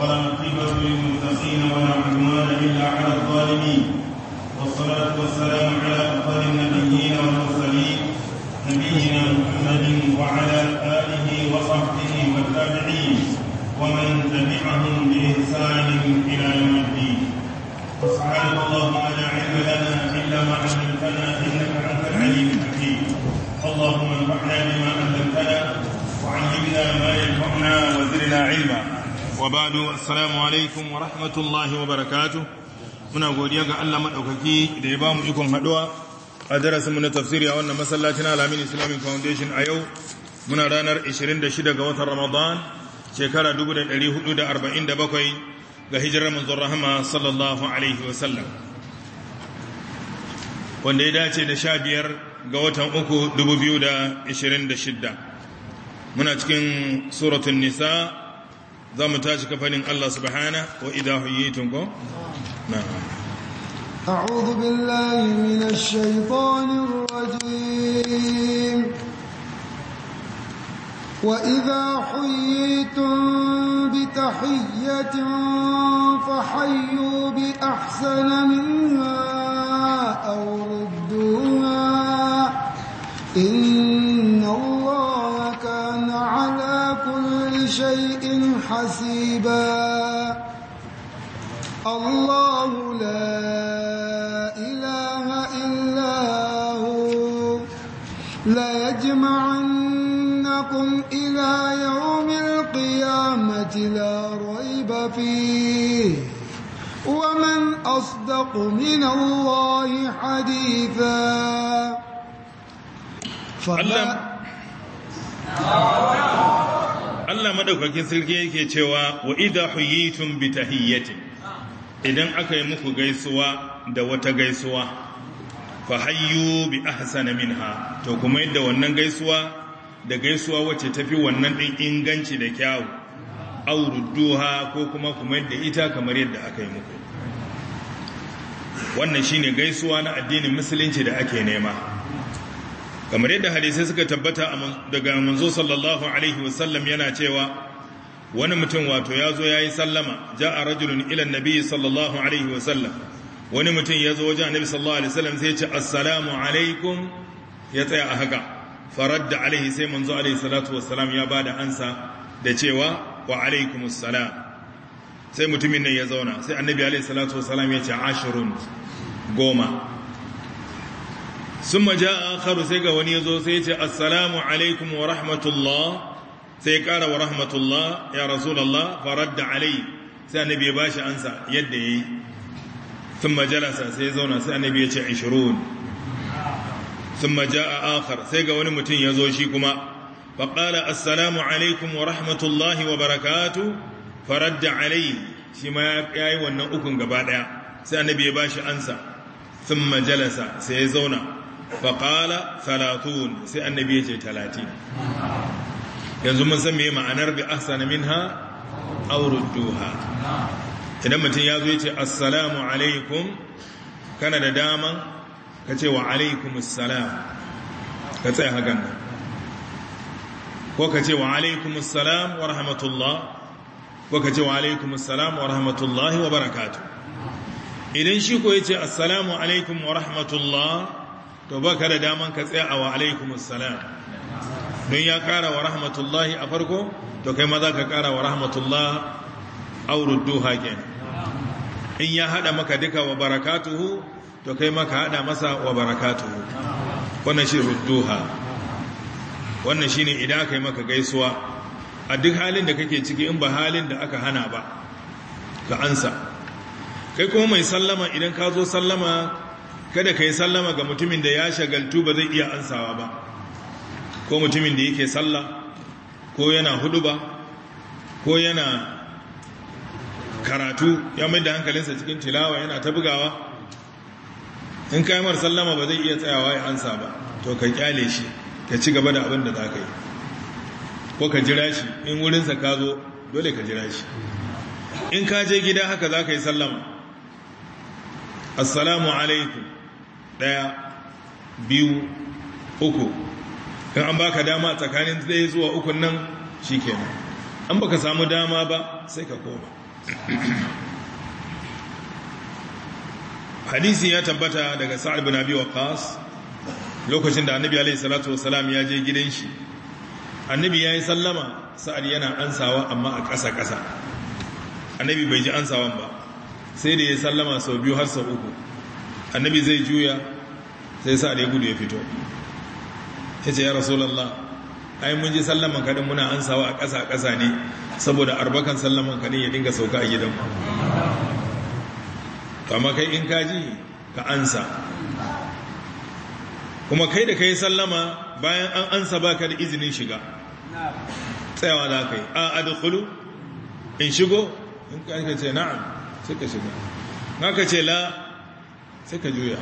ولا عقبة للمتقين ولا عدوان إلا على الظالمين والصلاة والسلام على أفضل النبيين والمرسلين نبينا محمد وعلى آله وصحبه والتابعين ومن تبعهم بإحسان إلى يوم الدين سبحانك اللهم لا علم لنا إلا ما علمتنا إنك أنت العليم الحكيم اللهم انفعنا بما علمتنا وعلمنا ما ينفعنا وزرنا علما wa badu assalamu alaikum wa rahmatullahi wa barakatu muna godiya ga Allah maɗaukaki da ya bamu ikon haɗuwa a darasinmu na tafsiri a wannan masallacin alamin islamic foundation a yau muna ranar 26 ga watan ramadan shekara 1447 ga hijirar manzon rahama sallallahu alaihi sallam. wanda ya dace da sha biyar ga watan uku 2026 muna cikin suratun nisa za mu tashi kafanin Allah subhana wa idha huyitum ko na'am a'udhu billahi minash shaitanir rajim wa idha huyitum bi tahiyyatin fa hayyu bi ahsana minha aw rudduha inna allaha kana ala kulli shay'in حسيبا الله لا إله إلا هو ليجمعنكم إلى يوم القيامة لا ريب فيه ومن أصدق من الله حديثا فلا Allah madaukakin sirki yake cewa wa idha huyitum bi tahiyyati idan aka yi muku gaisuwa da wata gaisuwa fa hayyu bi ahsana minha to kuma yadda wannan gaisuwa da gaisuwa wacce tafi wannan din inganci da kyau aw rudduha ko kuma kuma yadda ita kamar yadda aka yi muku wannan shine gaisuwa na addinin musulunci da ake nema kamar yadda hadisai suka tabbata daga manzo sallallahu alaihi wasallam yana cewa wani mutum wato ya zo ya yi sallama ja a rajulun ilan nabi sallallahu alaihi wasallam wani mutum ya zo wajen annabi sallallahu alaihi wasallam sai ya ce assalamu alaikum ya tsaya a haka faradda alaihi sai manzo alaihi salatu wasallam ya bada ansa da cewa wa alaikumus salam sai mutumin nan ya zauna sai annabi alaihi salatu wasallam ya ce ashirun goma sun maja akharu sai ga wani ya zo sai ce assalamu alaikum wa rahmatullah sai ƙara wa rahmatullah ya rasulallah faradda alai sai annabi ya bashi ansa yadda ya yi sun majalasa sai zauna sai annabi ya ce 20 sun maja a akhar sai ga wani mutum ya zo shi kuma wa فقال السلام عليكم ورحمة الله وبركاته shi ma ya yi wannan ukun gaba daya sai annabi ya bashi ansa thumma jalasa sai ya zauna faƙala salatun sai annabi ya ce talatin yanzu mun san mai ma'anar bi ha minha duha idan mutum ya zo ya ce assalamu alaikum kana da daman ka ce wa alaikum assalam ka tsaye hakan nan ko ka ce wa alaikum assalam wa rahmatullah ko ka ce wa alaikum assalam wa rahmatullahi wa barakatu idan shi ko ya ce assalamu alaikum wa rahmatullah to ba ka da daman ka tsaya a wa alaikum salam don ya kara wa rahmatullahi a farko to kai ma za ka kara wa rahmatullah auruddu haƙin in ya haɗa maka duka wa barakatuhu to kai ma ka haɗa masa wa barakatuhu wannan shi rudduha wannan shi ne idan aka yi maka gaisuwa a duk halin da kake ciki in ba halin da aka hana ba ka ansa kai kuma mai sallama idan ka zo sallama kada ka yi sallama ga mutumin da ya shagaltu ba zai iya ansawa ba ko mutumin da yake salla ko yana huduba ko yana karatu ya mai da hankalinsa cikin tilawa yana ta bugawa in kaimar sallama ba zai iya tsayawa ya ansa ba to ka kyale shi ka ci gaba da abin da za ka yi ko ka jira shi in wurinsa ka zo dole ka jira shi in ka je gida haka za ka yi sallama assalamu alaikum ɗaya biyu uku in an baka dama tsakanin ɗaya zuwa uku nan shi nan, an baka samu dama ba sai ka koma hadisi ya tabbata daga sa'ad bin abi waqas lokacin da annabi alaihi salatu wasalam ya je gidan shi annabi ya yi sallama sa'ad yana ansawa amma a ƙasa ƙasa annabi bai ji ansawan ba sai da ya sallama sau biyu har sau uku annabi zai juya sai sa'ad ya gudu ya fito ya ce ya rasulallah ai mun ji sallaman kadin muna ansawa a ƙasa ƙasa ne saboda arbakan sallaman kadin ya dinga sauka a gidan kama kai in kaji ka ansa kuma kai da kai sallama bayan an ansa baka da izinin shiga tsayawa za ka yi a adukulu in shigo in ka ce na'am suka ka shiga na ka ce la sai ka juya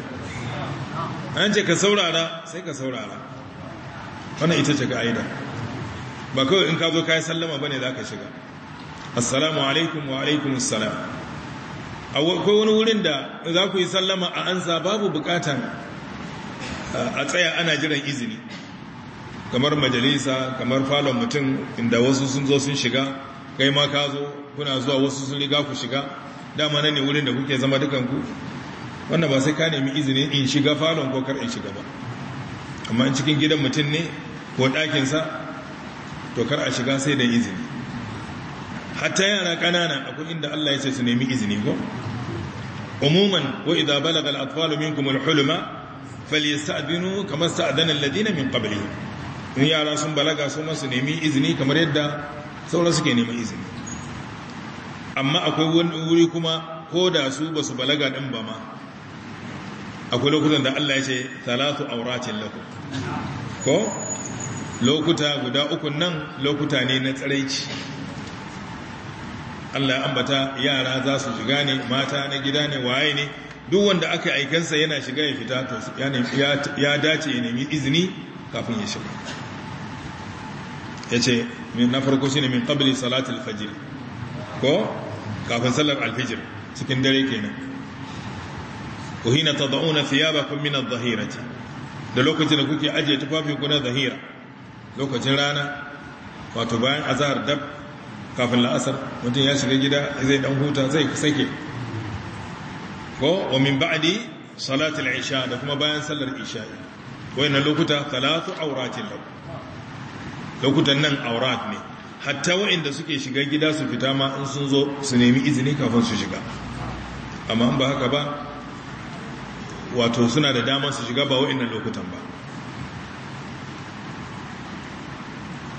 an ce ka saurara sai ka saurara wannan ita ce ka'ida ba kawai in ka zo kayi sallama ne za ka shiga assalamu alaikum wa alaikum assalam akwai wani wurin da za ku yi sallama a ansa babu bukatan a tsaya ana jiran izini kamar majalisa kamar falon mutum inda wasu sun zo sun shiga kai ma ka zo kuna zuwa wasu sun riga ku shiga dama nan ne wurin da kuke zama dukanku wannan ba sai ka nemi izini in shiga falon ko kar in shiga ba amma in cikin gidan mutum ne ko ɗakinsa to kar a shiga sai da izini hatta yara ƙanana akwai inda Allah ya ce su nemi izini ko umuman wa idza balaga al-atfalu minkum al-hulma falyasta'dinu kama sta'dana alladhina min qablihim in yara sun balaga su masu nemi izini kamar yadda sauran suke nemi izini amma akwai wani wuri kuma ko da su basu balaga din ba ma akwai lokutan da Allah ya ce talatu auratin lakum ko lokuta guda uku nan lokuta ne na tsaraici Allah ya ambata yara za su shiga ne mata na gida ne waye ne duk wanda aka aikansa yana shiga ya fita to ya dace ya nemi izini kafin ya shiga ya ce na farko shi ne min kabili salatul fajir ko kafin sallar alfijir cikin dare kenan وهنا تضعون ثيابكم من الظهيرة da lokacin da kuke ajiye tufafinku na zahira lokacin rana wato bayan azahar dab kafin la'asar mutum ya shiga gida zai dan huta zai sake ko wa min ba'di salatul isha da kuma bayan sallar isha wayannan lokuta talatu auratin lakum lokutan nan aurat ne hatta wa'inda suke shiga gida su fita ma in sun zo su nemi izini kafin su shiga amma in ba haka ba wato suna da damar su shiga ba wa'annan lokutan ba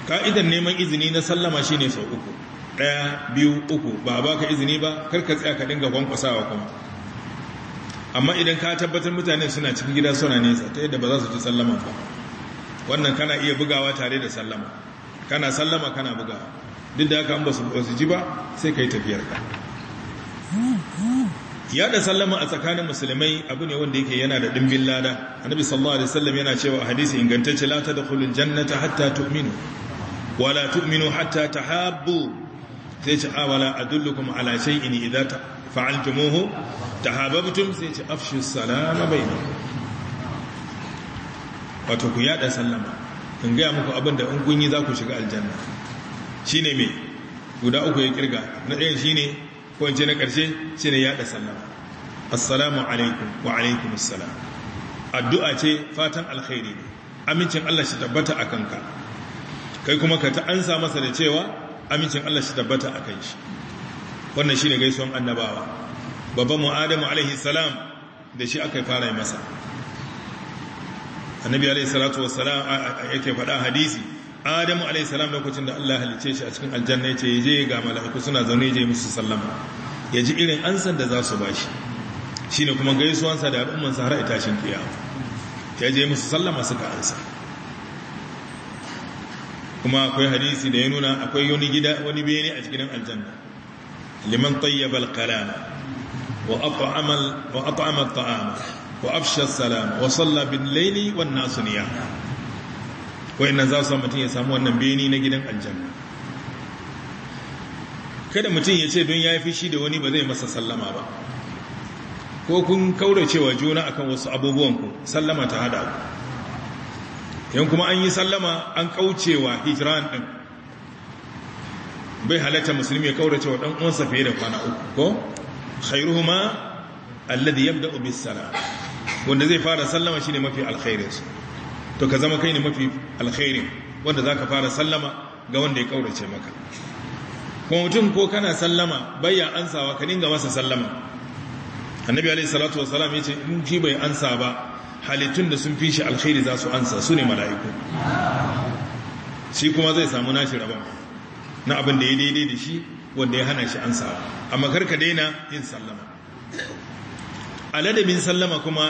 Ka'idan neman izini na sallama shi ne sau uku ɗaya biyu uku ba ba ka izini ba karka tsaya ka dinga kwankwasawa kuma amma idan ka tabbatar mutane suna cikin gida suna nesa ta yadda ba za su ci sallama ba wannan kana iya bugawa tare da sallama kana sallama kana bugawa duk da haka an ba su ji ba sai ka yi tafiyarka yada sallama a tsakanin musulmai abu ne wanda yake yana da dimbin lada annabi sallallahu alaihi wasallam yana cewa hadisi ingantacce la tadkhulul jannata hatta tu'minu wala tu'minu hatta tahabbu sai ce awala adullukum ala shay'in idza fa'altumuhu tahabbtum sai ce afshu salama bainakum wato ku yada sallama in ga muku abin da in kun yi za ku shiga aljanna shine me guda uku ya kirga na ɗayan shine ko na ƙarshe shi ne yaɗa sallama assalamu alaikum wa alaikum assalam addu'a ce fatan alkhairi ne amincin Allah shi tabbata a kanka kai kuma ka ta ansa masa da cewa amincin Allah shi tabbata a kan shi wannan shi ne gaisuwan annabawa babban mu adamu alaihi salam da shi aka fara masa annabi alaihi salatu wassalam yake faɗa hadisi adamu alaihissalam lokacin da allah halice shi a cikin aljanna ya ce ya je ga mala'iku suna zaune ya je musu sallama ya ji irin ansan da za su ba shi shi ne kuma gaisuwansa da al'ummansa har a tashin kiyama ya je musu sallama suka ansa kuma akwai hadisi da ya nuna akwai wani gida wani bene a cikin aljanna liman tayyaba al-kalama wa at'ama wa at'ama taama wa afsha salama wa salla bil-layli wan wa'annan za su sa mutum ya samu wannan beni na gidan aljanna kada mutum ya ce don ya yi fishi da wani ba zai masa sallama ba ko kun kauracewa juna akan wasu abubuwanku sallama ta hada ku yan kuma an yi sallama an kaucewa hijiran din bai halatta musulmi ya kauracewa dan uwansa fiye da kwana uku ko khairuhuma alladhi yabda'u bis salam wanda zai fara sallama shine mafi alkhairinsu to ka zama kai ne mafi alkhairin wanda za ka fara sallama ga wanda ya kaurace maka kuma mutum ko kana sallama bayya ansawa ka dinga masa sallama annabi alaihi salatu wasalam ya ce in shi bai ansa ba halittun da sun fi shi alkhairi za su ansa su ne mala'iku shi kuma zai samu nashi rabon na abin da ya daidai da shi wanda ya hana shi ansa amma ka daina yin sallama a ladabin sallama kuma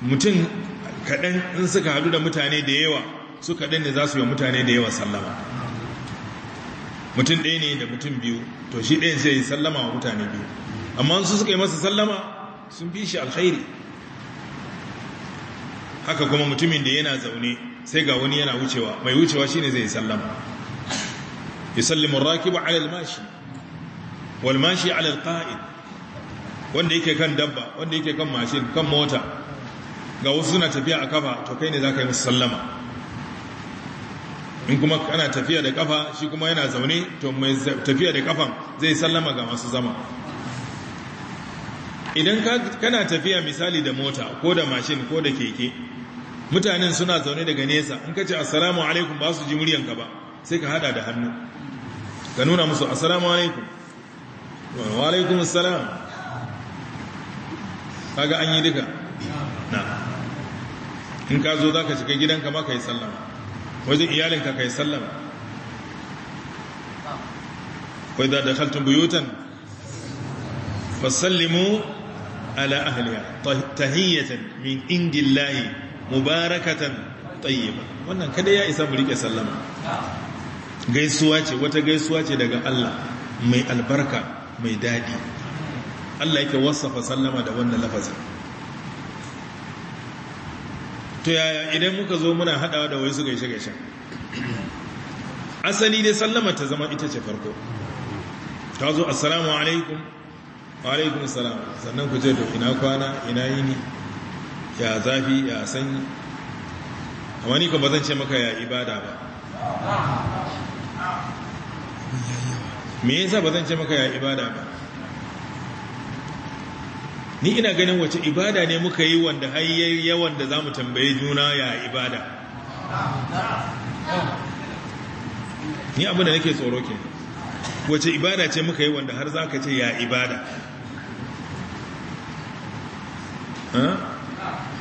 mutum kaɗan in suka haɗu da mutane da yawa su kaɗan ne za su yi mutane da yawa sallama mutum ɗaya ne da mutum biyu to shi ɗaya yi sallama wa mutane biyu amma su suka yi masa sallama sun fi shi alkhairi haka kuma mutumin da yana zaune sai ga wani yana wucewa mai wucewa shine zai yi sallama yusallimu ar-rakibu 'ala al-mashi wal mashi wanda yake kan dabba wanda yake kan mashin kan mota ga wasu suna tafiya a kafa to kai ne za ka yi musallama sallama in kuma kana tafiya da kafa shi kuma yana zaune to mai tafiya da kafan zai sallama ga masu zama idan kana tafiya misali da mota ko da mashin ko da keke mutanen suna zaune daga nesa in ka ce assalamu alaikum ba su ji muryanka ba sai ka hada da hannu ka nuna musu assalamu alaikum wa alaikum assalam kaga an yi duka na in ka zo za ka shiga gidanka ma ka yi sallama wajen iyalinka ka yi sallama wai da dakhaltun buyutan fasallimu ala ahliya tahiyyatan min indillahi mubarakatan tayyiba wannan kada ya isa mu sallama gaisuwa ce wata gaisuwa ce daga Allah mai albarka mai daɗi. Allah yake wasafa sallama da wannan lafazin to yaya idan muka zo muna haɗawa da wai su gaishe gaishe asali dai sallama ta zama ita ce farko ta zo assalamu alaikum wa alaikum salam sannan ku je ina kwana ina yini ya zafi ya sanyi amma ni ko ba zan ce maka ya ibada ba me yasa ba zan ce maka ya ibada ba ni ina ganin wace ibada ne muka yi wanda har yawan da za mu tambaye juna ya ibada ni abin da nake tsoro ke wace ibada ce muka yi wanda har za ka ce ya ibada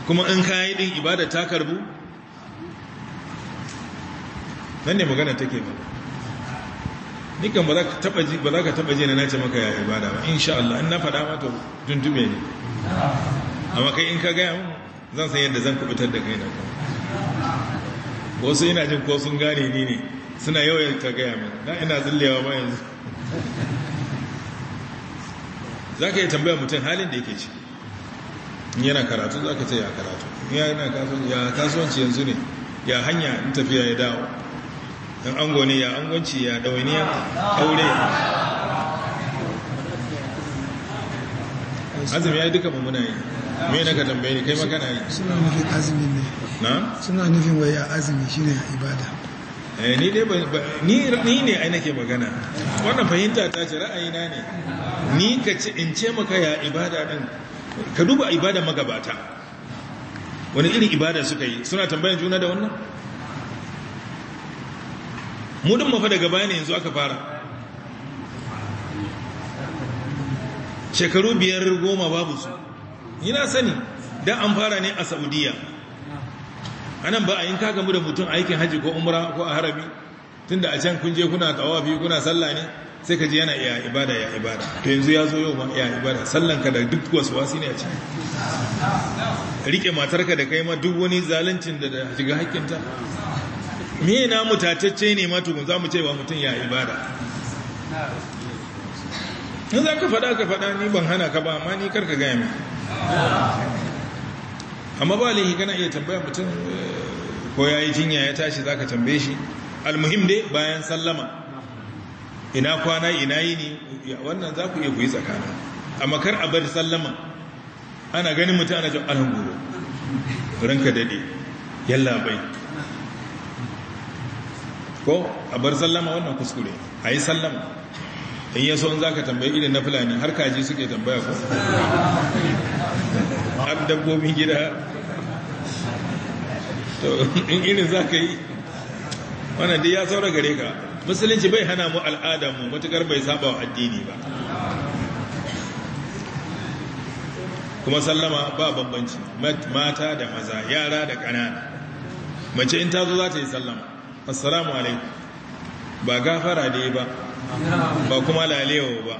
kuma in ka yi ɗin ibada ta karbu nan ne magana take ba dukkan ba za ka taba ji ba za ka taba ji na nace maka ya ibada ba insha Allah in na faɗa ma tuntube ne amma kai in ka gaya mun zan san yadda zan kubutar da kai na ka wasu ina jin ko sun gane ni ne suna yawan ka gaya mun na ina zillewa ma yanzu za ka yi tambaya mutum halin da yake ci yana karatu za ka ce ya karatu ya kasuwanci yanzu ne ya hanya in tafiya ya dawo in ango ne ya angonci ya ɗawainiya aure azumi ya yi duka mamuna yi mai na ka tambaye ne kai makana yi suna nufin azumi ne na suna nufin wai ya azumi ne ibada eh, ni ne a nake magana wannan fahimta ta ce ra'ayina ne ni ka ce in ce maka ya ibada din ka duba ibada magabata wani irin ibada suka yi suna tambayar juna da wannan mu mafa daga baya ne yanzu aka fara shekaru biyar goma babu su yana sani da an fara ne a saudiya a nan ba a yin kagamu da mutum aikin hajji ko umra ko a harabi tun da a can kunje kuna tawafi kuna sallah ne sai ka ji yana iya ibada ya ibada to yanzu ya zo yau ma iya ibada sallanka da duk wasu wasi ne a can, rike matarka da kai ma duk wani zalincin da shiga hakkinta me na mutatacce ne matukun za mu ce wa mutum ya ibada in za ka faɗa ka faɗa ni ban hana ka ba amma ni karka gaya mai amma ba laihi kana iya tambaya mutum eh, ko ya yi jinya ya tashi za ka tambaye shi almuhim dai bayan sallama ina kwana ina yi ne wannan za ku iya ku yi A amma kar a bari sallama ana ganin mutum ana jan alhungu ranka daɗe yalla bai ko a bar sallama wannan kuskure a yi sallama in yi so in za ka tambayi irin na fulani har kaji suke tambaya ko har dabbobin gida to in irin za ka yi wannan dai ya saura gare ka musulunci bai hana mu al'adamu matukar bai saba wa addini ba kuma sallama ba bambanci mata da maza yara da ƙanana mace in ta zo za ta yi sallama assalamu alaikum ba gafara ne ba ba kuma lalewa ba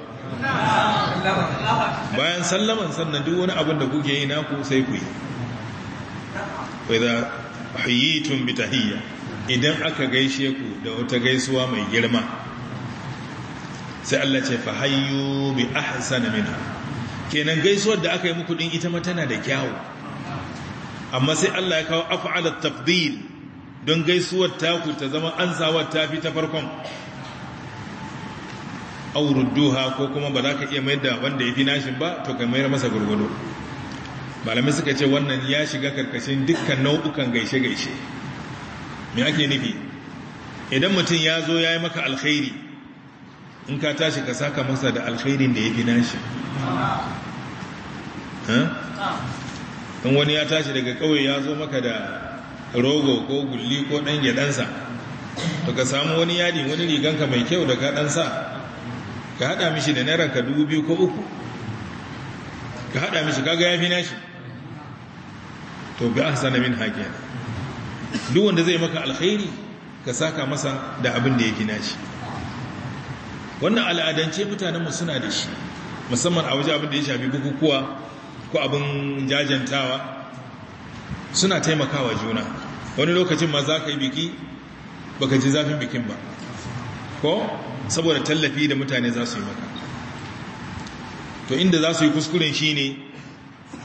bayan sallaman sannan duk wani abin da kuke yi naku sai ku yi wadda hayyitun bitahiyya idan aka gaishe ku da wata gaisuwa mai girma sai Allah ce fa hayyu bi ahsana minha kenan gaisuwar da aka yi muku din ita ma tana da kyawu amma sai Allah ya kawo at tafdil don gaisuwar taku ta zama ansawar ta fi ta farkon aurudduha ko kuma ba za ka iya mayar da wanda ya fi nashin ba to ka mayar masa gurgudu malamai suka ce wannan ya shiga karkashin dukkan nau'ukan gaishe-gaishe me ake nufi idan mutum ya zo ya yi maka alkhairi in ka tashi ka saka masa da alkhairin da ya fi nashi in wani ya tashi daga kawai ya zo maka da rogo ko gulli ko ɗan gyaɗansa to ka samu wani yadi wani riganka mai kyau da ka ɗan sa ka haɗa mishi da naira ka dubu biyu ko uku ka haɗa mishi kaga ya fi nashi to bi sana min hakiya duk wanda zai maka alkhairi ka saka masa da abin da ya gina nashi wannan al'adance mutanenmu suna da shi musamman a waje abin da ya shafi bukukuwa ko abin jajantawa suna taimakawa juna wani lokacin ma za ka yi biki ba ka ji zafin bikin ba ko saboda tallafi da mutane za su yi maka to inda za su yi kuskuren shi ne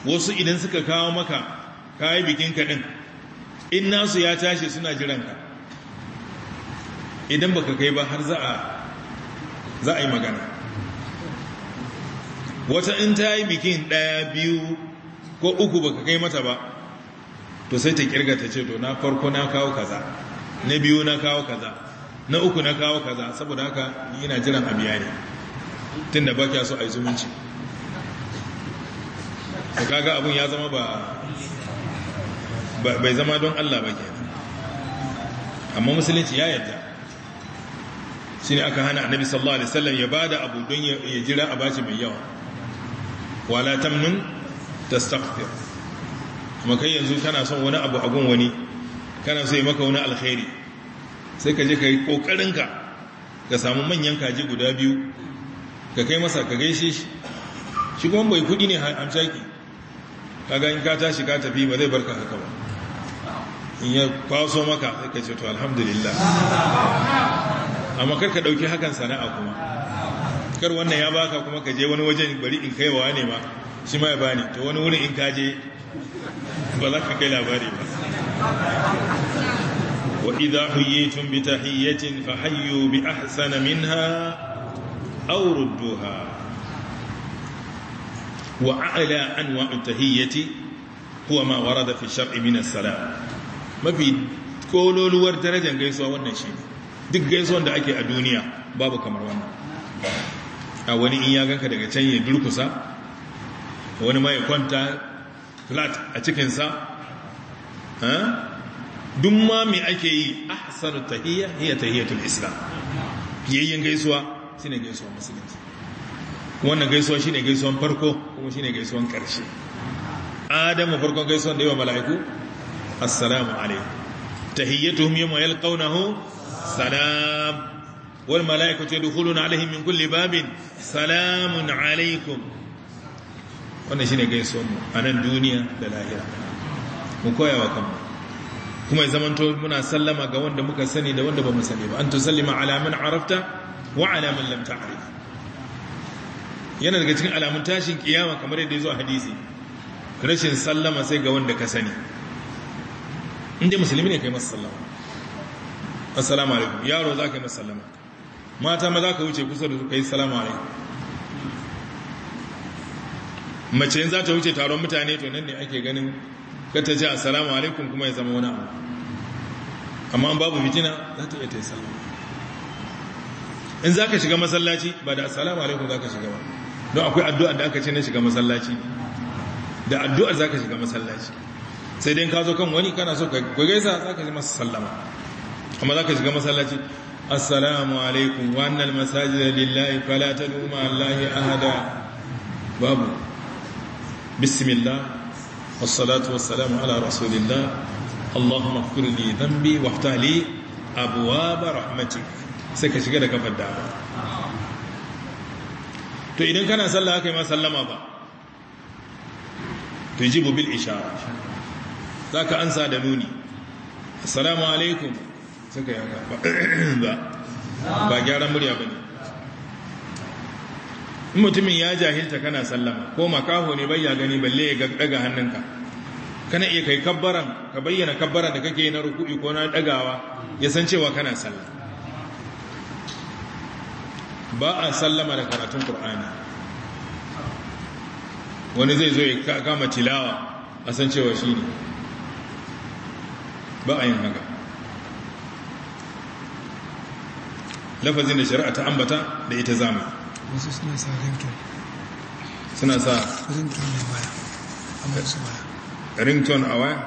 wasu idan suka kawo maka kayi ka ɗin in nasu ya tashi suna jiranka idan baka kai ba har za a yi magana wata in ta yi bikin ɗaya biyu ko uku baka kai mata ba to sai ta kirga ta ce to na farko na kawo kaza na biyu na kawo kaza na uku na kawo kaza saboda haka ni ina jiran a biya ne tun da baki so a yi zumunci ta kaga abun ya zama ba bai zama don Allah ba ke amma musulunci ya yarda shi ne aka hana annabi sallallahu alaihi wasallam ya bada abu don ya jira a bashi mai yawa wala tamnun tastaghfir kuma kai yanzu kana son wani abu a gun wani kana so yi maka wani alkhairi sai ka je ka yi kokarin ka samu manyan kaji guda biyu ka kai masa ka gaishe shi shi kuma bai kuɗi ne hamshaki ga in ka tashi ka tafi ba zai barka haka ba in ya kwaso maka sai ka ce to alhamdulillah amma kar ka ɗauki hakan sana'a kuma kar wannan ya baka kuma ka je wani wajen bari in kaiwa ne ma shi ma ya bani to wani wurin in kaje ba za ka kai labari ba wa idha huyitum bi tahiyyatin fa hayyu bi ahsana minha aw rudduha wa a'la anwa'u tahiyyati huwa ma warada fi shar'i min as-salam mafi kololuwar darajar gaisuwa wannan shi duk gaisuwan da ake a duniya babu kamar wannan a wani in ya ganka daga can ya durkusa wani ma ya kwanta flat a cikinsa dun ma mai ake yi hasar tahiyya hiya tahiyyatul islam yayin gaisuwa shine gaisuwa musulunci wannan gaisuwa shine gaisuwan farko kuma shine gaisuwan karshe adamu farkon gaisuwan da yawa mala'iku assalamu alaikum tahiyyatuhum yawma yalqawnahu salam wal mala'ikatu yadkhuluna alaihim min kulli babin salamun alaikum wannan shine gaisuwar mu a nan duniya da lahira mu koya wa kanmu kuma to muna sallama ga wanda muka sani da wanda bamu sani ba an sallima ala man arafta wa ala man lam ta'rif yana daga cikin alamun tashin kiyama kamar yadda yazo a hadisi rashin sallama sai ga wanda ka sani inda musulmi ne kai masa sallama assalamu alaikum yaro za ka yi masa sallama mata ma ka wuce kusa da su kai assalamu alaikum mace yin za ta wuce taron mutane to nan ne ake ganin kata ce assalamu alaikum kuma ya zama wani abu amma babu fitina za ta iya ta yi salamu in za ka shiga masallaci ba da assalamu alaikum za ka shiga ba don akwai addu'ar da aka ce na shiga masallaci da addu'ar za ka shiga masallaci sai dai ka zo kan wani kana so ka gaisa za ka ji masa sallama amma za ka shiga masallaci assalamu alaikum wannan masajida lillahi fala ta duma allahi ahada babu bismillah wassalatu wassalamu ala rasulillah allahumma kfir li dhanbi waftah li abwaab rahmatik sai ka shiga da kafar da to idan kana sallah kai ma sallama ba tujibu bil ishara zaka ansa da nuni assalamu alaikum sai ka ba ba gyaran murya bane in mutumin ya jahilta kana sallama ko makaho ne bai ya gani balle ya daga hannunka kana iya kai kabbaran ka bayyana kabbaran da kake na ruku'i ko na dagawa ya san cewa kana sallama. ba a sallama da karatun qur'ani wani zai zo ya kama tilawa a san cewa shi ne ba a yin haka lafazin da shari'a ta ambata da ita zamani wasu suna sa rington suna sa rington ne waya amma su waya rington a waya?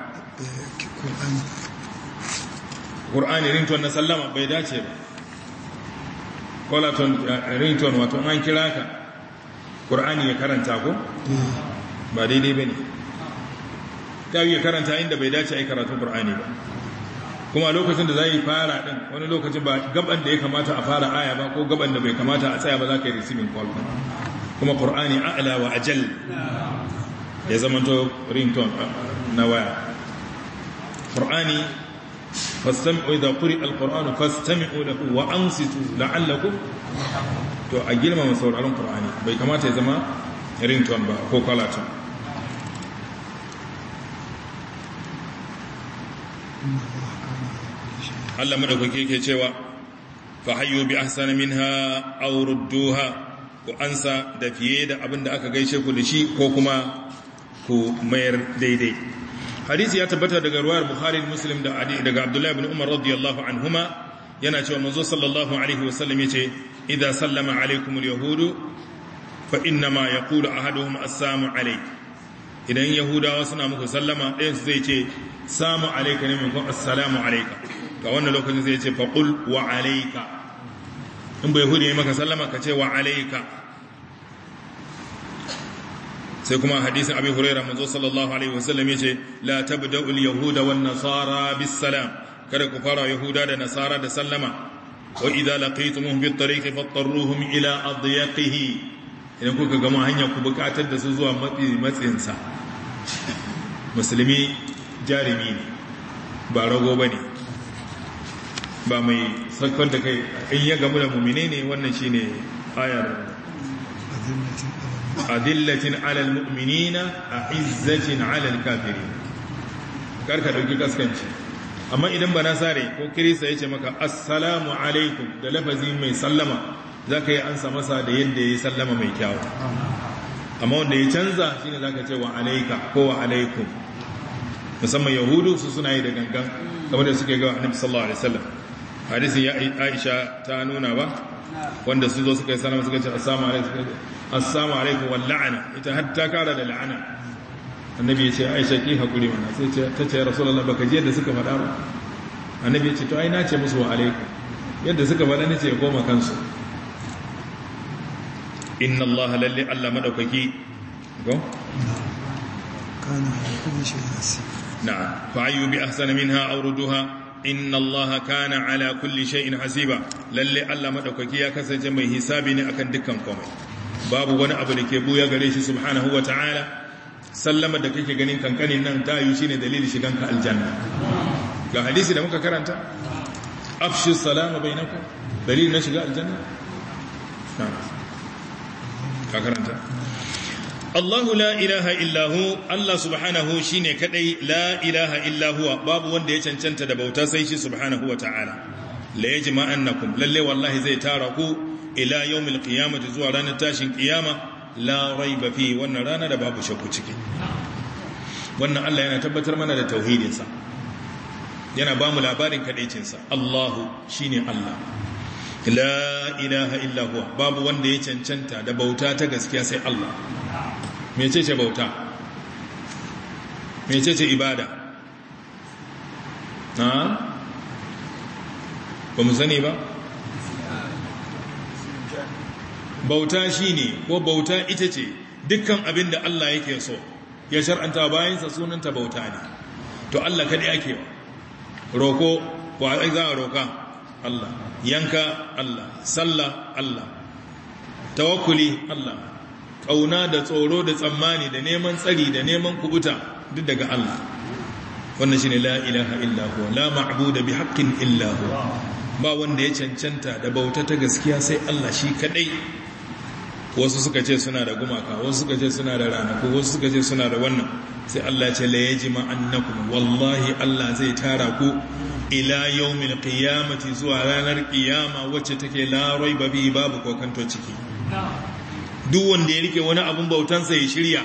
ƙur'ani eh, rington na sallama bai dace ba eh, rington wato an kira ka ƙur'ani ya karanta ko? Hmm. ba daidai ba ne ta yi karanta inda bai dace a yi karatun ƙur'ani ba kuma lokacin da za yi fara din wani lokacin ba gaban da ya kamata a fara aya ba ko gaban da bai kamata a tsaya ba za ka yi receiving call kuma qur'ani a'la wa ajal ya zama to ringtone uh, na waya qur'ani fastami'u idha quri'a al-qur'anu fastami'u lahu wa ansitu la'allakum to a girmama sauraron qur'ani bai kamata ya zama rington ba ko kwalaton Thank you. Allah madaukake yake cewa fa hayyu bi ahsana minha aw rudduha ku ansa da fiye da abin da aka gaishe ku da shi ko kuma ku mayar daidai hadisi ya tabbata daga ruwayar bukhari muslim da adi daga abdullahi ibn umar radiyallahu anhuma yana cewa manzo sallallahu alaihi wasallam yace idza sallama alaikum alyahudu fa inna ma yaqulu ahaduhum assalamu alayk idan yahudawa suna muku sallama ɗayan su zai ce samu alayka ne maimakon assalamu alayka a wannan lokacin sai ya ce faƙul wa alaika in bai hudu ya maka sallama ka ce wa alaika sai kuma hadisun abin huraira manzo sallallahu alaihi wasallam ya ce la tabda ul yahuda wa nasara bis salam kada ku fara yahuda da nasara da sallama wa idza laqitumuhum bit tariqi fattaruhum ila adyaqihi idan kuka gama hanya ku bukatar da su zuwa matsi matsayinsa musulmi jarimi ne ba rago bane ba mai sarkar da kai in ya gamu da mummine ne wannan shi ne ayar dillacin alal mu'minina a izzacin alal kafiri karka dauki kaskanci amma idan ba nasare ko kirista ya ce maka assalamu alaikum da lafazi mai sallama za ka yi ansa masa da yadda ya yi sallama mai kyawu amma wanda ya canza shi ne za ka ce wa alaika ko wa alaikum musamman yahudu su suna yi da gangan kamar da suke gawa annabi sallallahu alaihi wasallam hadisin ya aisha ta nuna ba wanda su zo suka yi salama suka ce assalamu alaikum assalamu alaikum wal la'ana ita har ta kara da la'ana annabi ya ce aisha ki hakuri mana sai ce ta ce rasulullah baka je da suka faɗa ba annabi ya ce to ai na ce musu wa alaikum yadda suka faɗa ne nace ya goma kansu inna allah lalle allah madaukaki go kana kuma shi nasi na'am fa ayyubi ahsana minha aw ruduha inna Allah kana ala kulli shay'in hasiba lalle Allah madaukaki ya kasance mai hisabi ne akan dukkan komai babu wani abu da ke buya gare shi subhanahu wataala sallama da kake ganin kankanin nan ta yi shine dalilin shiganka aljanna ga hadisi da muka karanta afshi salama bainakum dalilin na shiga aljanna ka karanta Allahu la ilaha illahu Allah subhanahu shine kadai la ilaha illahu babu wanda ya cancanta da bauta sai shi subhanahu wa ta'ala la yajma'annakum lalle wallahi zai tara ku ila yawmil qiyamati zuwa ranar tashin qiyama la raiba fi wannan rana da babu shakku ciki wannan Allah yana tabbatar mana da tauhidin sa yana bamu labarin kadaicin sa Allahu shine Allah la ilaha illahu babu wanda ya cancanta da bauta ta gaskiya sai Allah mecece bauta mecece ibada na ba mu sani ba bauta shi ne ko bauta ita ce dukkan abin da Allah yake so ya shar'anta bayansa sunanta bauta ne to Allah kaɗai ake wa roko wa za a roka Allah yanka Allah sallah Allah tawakkuli Allah ƙauna da tsoro da tsammani da neman tsari da neman kubuta duk daga Allah wannan shine la ilaha illa la ma'budu bi haqqin illa ba wanda ya cancanta da bauta ta gaskiya sai Allah shi kadai wasu suka ce suna da gumaka wasu suka ce suna da ranaku wasu suka ce suna da wannan sai Allah ce la yajma annakum wallahi Allah zai tara ku ila yawmil qiyamati zuwa ranar qiyama wacce take la raiba bi babu kokanto ciki duk wanda ya rike wani abun bautansa ya shirya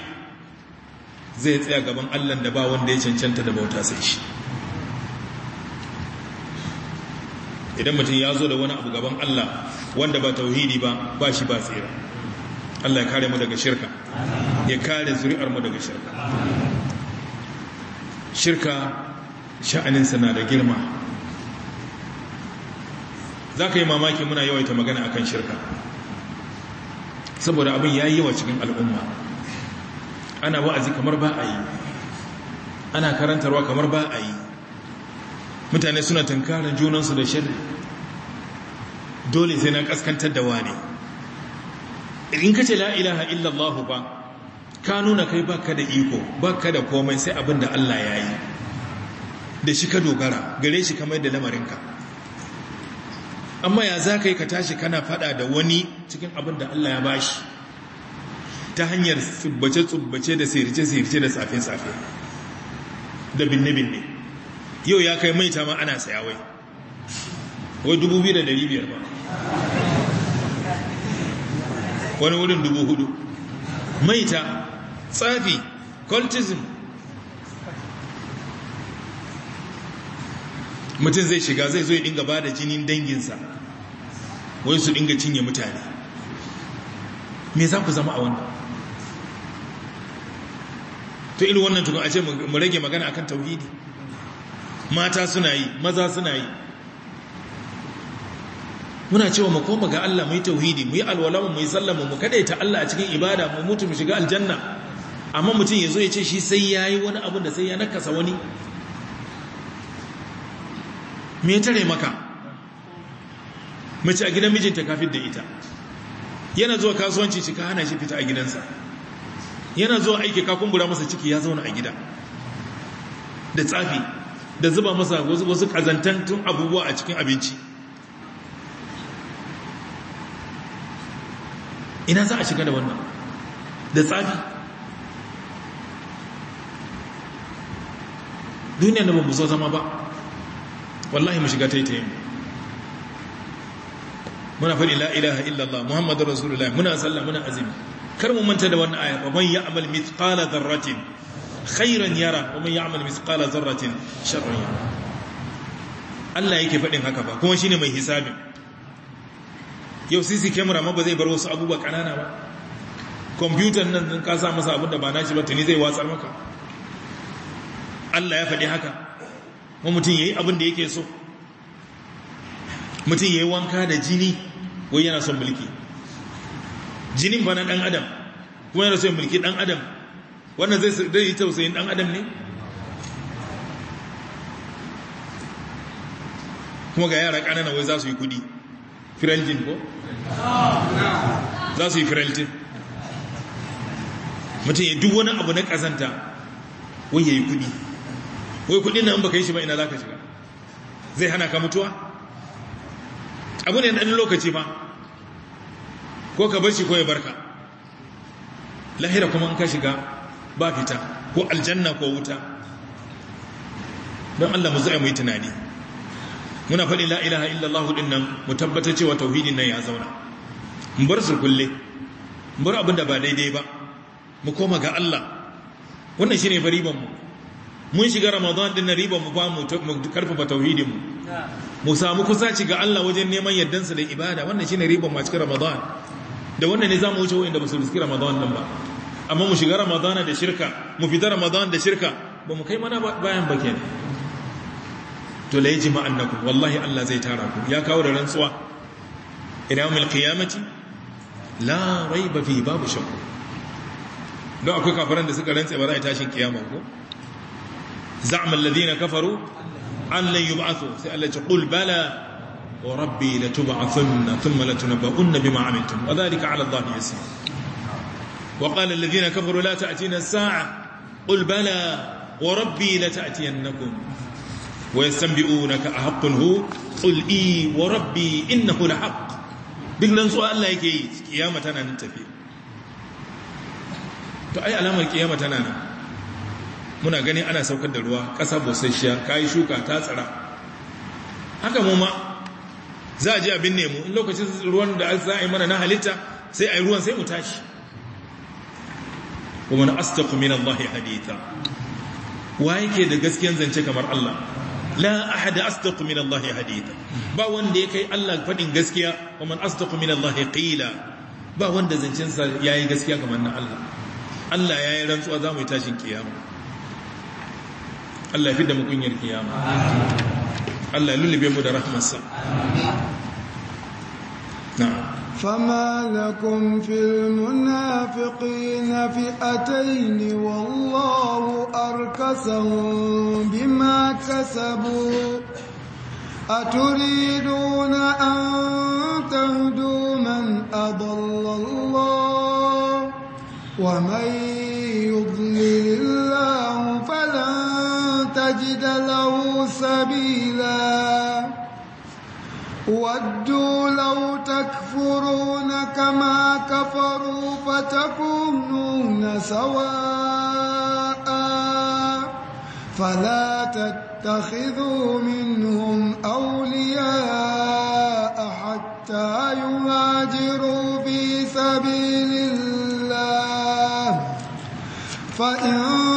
zai tsaya gaban Allah da ba wanda ya cancanta da bauta sai shi idan mutum ya zo da wani abu gaban Allah wanda ba tauhidi ba ba shi ba tsira Allah ya kare mu daga shirka ya kare zuri'ar mu daga shirka shirka sha'aninsa na da girma za ka yi mamaki muna yawaita magana akan shirka saboda abin ya yi wa cikin al'umma ana wa'azi kamar ba a yi ana karantarwa kamar ba a yi mutane suna tankarar junansu da shirri dole sai na kaskantar da wane in ka ce la'ilaha illallahu ba ka nuna kai baka da iko baka da komai sai abin da Allah ya yi da shi ka dogara gare shi kamar da lamarinka amma ya za ka yi ka tashi kana fada da wani cikin abin da Allah ya bashi ta hanyar tsubbace-tsubbace da sirce-sirce da safe-safe da binne-binne yau ya kai maita ma ana sayawai wai 2,500 ba wani wurin 4,000 maita tsafi cultism mutum zai shiga zai zo ya dinga ba da jinin danginsa wai su dinga cinye mutane me za ku zama a wannan to ilu wannan tukun a ce mu rage magana akan tauhidi mata suna yi maza suna yi muna cewa mu koma ga Allah mu tauhidi mu yi alwala mu sallama mu ta Allah a cikin ibada mu mutu mu shiga aljanna amma mutum ya zo ya ce shi sai yi wani abu da sai ya nakasa wani me ya tare maka mace a gidan mijinta kafin da ita yana zuwa kasuwanci shi ka hana shi fita a gidansa yana zuwa aiki ka kumbura masa ciki ya zauna a gida da tsafi da zuba masa wasu kazantantun abubuwa a cikin abinci ina za a shiga da wannan da tsafi duniya da ba mu zama ba wallahi mu shiga taitayin muna faɗi la ilaha illallah muhammadu rasulullah muna sallah muna azumi kar mu manta da wannan aya wa man ya'mal mithqala dharratin khairan yara wa man ya'mal mithqala dharratin sharran yara Allah yake faɗin haka ba kuma shine mai hisabin yau sisi camera ma ba zai bar wasu abubuwa kanana ba kwamfutar nan ka sa masa abin da ba naci ba tuni zai watsar maka Allah ya faɗi haka wa mutum ya yi abin da yake so mutum ya yi wanka da jini wai yana son mulki jinin ba na ɗan adam kuma yana son mulki ɗan adam wannan zai yi tausayin ɗan adam ne kuma ga yara ƙanana wai za su yi kudi firaltin ko? za su yi firaltin mutum ya duk wani abu na ƙazanta wai ya yi kudi wai kudin nan baka yi shi ba ina za ka shiga zai hana ka mutuwa abu ne dan lokaci ba ko ka bar shi ko ya barka lahira kuma in ka shiga ba fita ko aljanna ko wuta don Allah mu zai mu yi tunani muna faɗi la ilaha ɗin nan mu tabbata cewa tauhidin nan ya zauna mu bar su kulle mu bar abin da ba daidai ba mu koma ga Allah wannan shine fariban mu mun shiga ramadan din na riba mu ba mu karfafa tauhidin mu mu samu kusaci ga Allah wajen neman yardansa da ibada wannan shine riba mu a cikin ramadan da wannan ne zamu wuce wanda ba su riski ramadan din ba amma mu shiga ramadan da shirka mu fita ramadan da shirka ba mu kai mana bayan ba kenan to la yajma annakum wallahi Allah zai tara ku ya kawo da rantsuwa Ina yawmil qiyamati la raiba fi babu shakku don akwai kafiran da suka rantsa ba za a tashin kiyama ko زعم الذين كفروا أن لن يبعثوا التي قل بلى وربي لتبعثن ثم لتنبؤن بما عملتم وذلك على الله يسير وقال الذين كفروا لا تأتينا الساعة قل بلى وربي لتأتينكم ويستنبئونك أحق هو قل إي وربي إنه لحق duk nan لا يكيد كيامتنا ننتفي kiyama tana nan ننتفي muna ganin ana saukar da ruwa ƙasa ka kayi shuka ta tsara haka mu ma za a ji abin nemo in lokacin ruwan da za a yi mana na halitta sai a yi ruwan sai mu tashi kuma na astaqu min Allah hadita wa yake da gaskiyan zance kamar Allah la ahad astaqu min Allah hadita ba wanda ya kai Allah faɗin gaskiya wa man astaqu min Allah qila ba wanda zancensa yayi gaskiya kamar na Allah Allah ya yi rantsuwa za mu yi tashin kiyama Allah fi da mu kunyar kiyama Allah lullube mu da rahmarsa فما لكم في المنافقين فئتين والله أركسهم بما كسبوا أتريدون أن تهدوا من أضل الله ومن نجد له سبيلا ودوا لو تكفرون كما كفروا فتكونون سواء فلا تتخذوا منهم أولياء حتى يهاجروا في سبيل الله فإن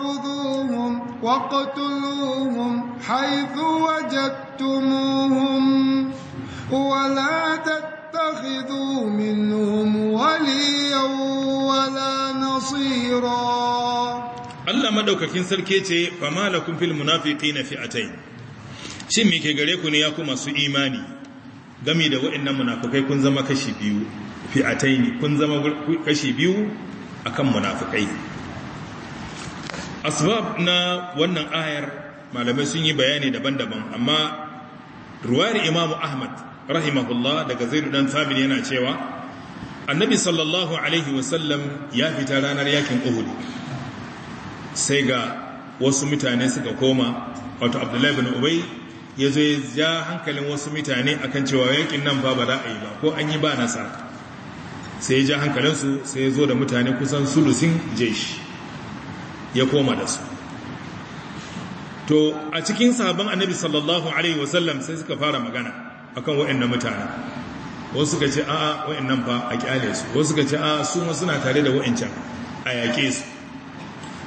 فخذوهم واقتلوهم حيث وجدتموهم ولا تتخذوا منهم وليا ولا نصيرا Allah madaukakin sarki ce fama lakum fil munafiqina fi'atayn shin me ke gare ku ne ya ku masu imani game da waɗannan munafikai kun zama kashi biyu fi'atayn kun zama kashi biyu akan munafikai asbab na wannan ayar malamai sun yi bayani daban-daban amma ruwayar imamu ahmad rahimahullah daga zai dan sabin yana cewa annabi sallallahu alaihi wasallam ya fita ranar yakin uhud sai ga wasu mutane suka koma wato abdullahi bin ubai ya zo ya hankalin wasu mutane akan cewa yakin nan ba ba za a yi ba ko an yi ba nasa sai ya ja hankalinsu sai ya zo da mutane kusan sulusin jeshi ya koma da su to a cikin sahabban annabi sallallahu alaihi wasallam sai suka fara magana akan wa'annan mutane wasu suka ce a'a wa'annan ba a kyale su wasu suka ce a'a su ma suna tare da wa'ancan a yake su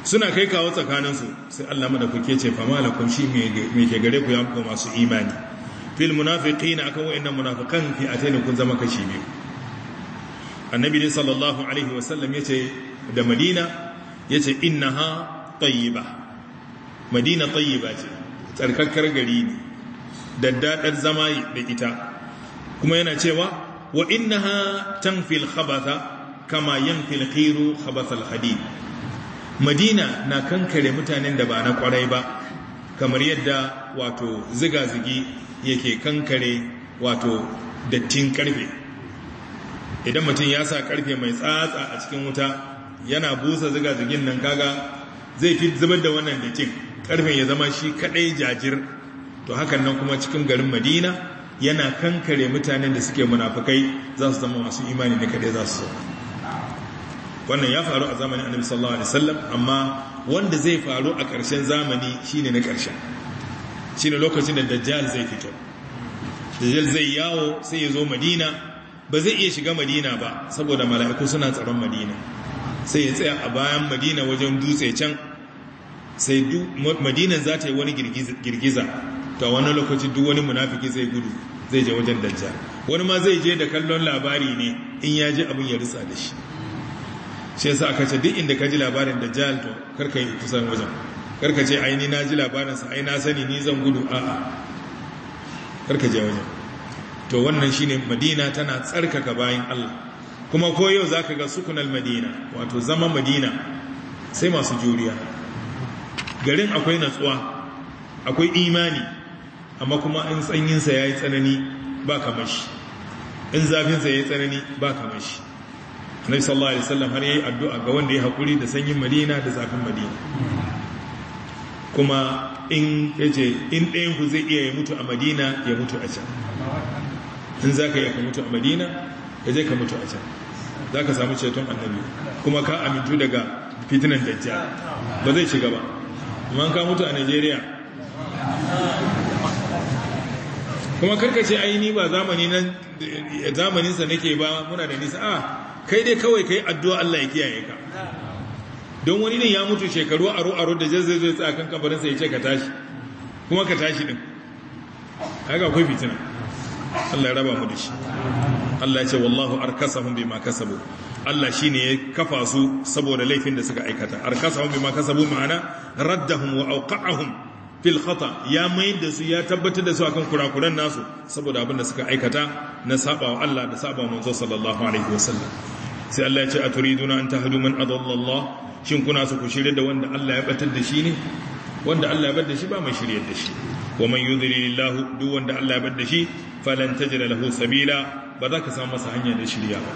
suna kai kawo tsakaninsu sai Allah ke ce fa malakum shi me ke gare ku ya ku masu imani fil munafiqin akan wa'annan munafikan fi ataini kun zama kashi biyu annabi sallallahu alaihi wasallam yace da madina ya ce ina ha tayyiba madina tayyiba ce tsarkakkar gari ne daddadar zama da ita kuma yana cewa wa ina ha tanfil khabatha kama yanfil khiru khabathal hadid madina na kankare mutanen da ba na kwarai ba kamar yadda wato ziga-zigi yake kankare wato dattin karfe idan mutum ya sa karfe mai tsatsa a cikin wuta yana busa ziga nan kaga zai fi zubar da wannan cin karfin ya zama shi kaɗai jajir to hakan nan kuma cikin garin madina yana kankare mutanen da suke munafukai za su zama masu imani da kaɗai za su zo wannan ya faru a zamanin annabi sallallahu alaihi wasallam amma wanda zai faru a ƙarshen zamani shine na ƙarshe shine lokacin da dajjal zai fito dajjal zai yawo sai ya zo madina ba zai iya shiga madina ba saboda mala'iku suna tsaron madina sai ya tsaya a bayan madina wajen dutse can sai madinan za ta yi wani girgiza to a wani lokaci duk wani munafiki zai gudu zai je wajen dajja wani ma zai je da kallon labari ne in ya ji abin ya rusa da shi shi yasa aka ce duk inda ka ji labarin jihar to karka yi kusan wajen karka ce aini ni na ji labarinsa ai na sani ni zan gudu a'a karka je wajen to wannan shine madina tana tsarkaka bayan Allah kuma ko yau za ka ga sukunan madina wato zama madina sai masu juriya garin akwai natsuwa akwai imani amma kuma in tsanyinsa ya yi tsanani ba kamashi. in zafinsa ya yi tsanani ba kamashi. shi annabi sallallahu alaihi wasallam har yayi addu'a ga wanda ya hakuri da sanyin madina da zafin madina kuma in yace in ɗayan ku zai iya ya mutu a madina ya mutu a can in ka yi ka mutu a madina ya je ka mutu a can za ka samu ceton annabi kuma ka amintu daga fitinan dajjal ba zai shiga ba amma ka mutu a Najeriya kuma karkace aini ba zamani nan zamaninsa nake ba muna da nisa a kai dai kawai kai addu'a Allah ya kiyaye ka don wani ne ya mutu shekaru aro aro da zai zai tsaya kan sa ya ce ka tashi kuma ka tashi din kaga akwai fitina Allah ya raba mu da shi Allah ya ce wallahu arkasahum bima kasabu Allah shine ya kafa su saboda laifin da suka aikata arkasahum bima kasabu ma'ana raddahum wa awqa'ahum fil khata ya mayar da su ya tabbatar da su akan kurakuran nasu saboda abin da suka aikata na sabawa Allah da sabawa manzo sallallahu alaihi wasallam sai Allah ya ce aturiduna an tahdu man adalla Allah shin kuna su ku shirye da wanda Allah ya batar da shi ne wanda Allah ya bar da shi ba mai shirye da shi wa man yudlilillahu duk wanda Allah ya bar da shi falan tajida lahu sabila ba za ka samu masa hanya da shirya ba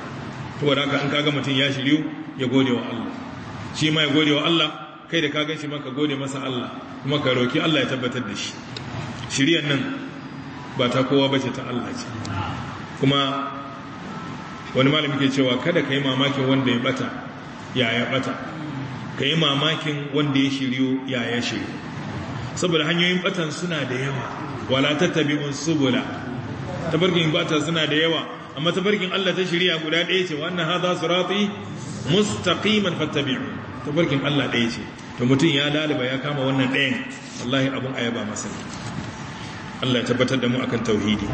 to da haka an kaga mutum ya shiryu ya gode wa Allah shi ma ya gode wa Allah kai da ka gan shi maka gode masa Allah kuma ka roki Allah ya tabbatar da shi shiryan nan ba ta kowa bace ta Allah ce kuma wani malami ke cewa kada ka yi mamakin wanda ya bata ya ya bata ka yi mamakin wanda ya shiryu ya ya shiryu saboda hanyoyin batan suna da yawa wala tattabi'un subula tabarkin bata suna da yawa amma tabarkin Allah ta shirya guda ɗaya ce wannan hadha sirati mustaqiman fattabi'u tabarkin Allah ɗaya ce to mutum ya laliba ya kama wannan ɗayan wallahi abun ayaba masa Allah ya tabbatar da mu akan tauhidi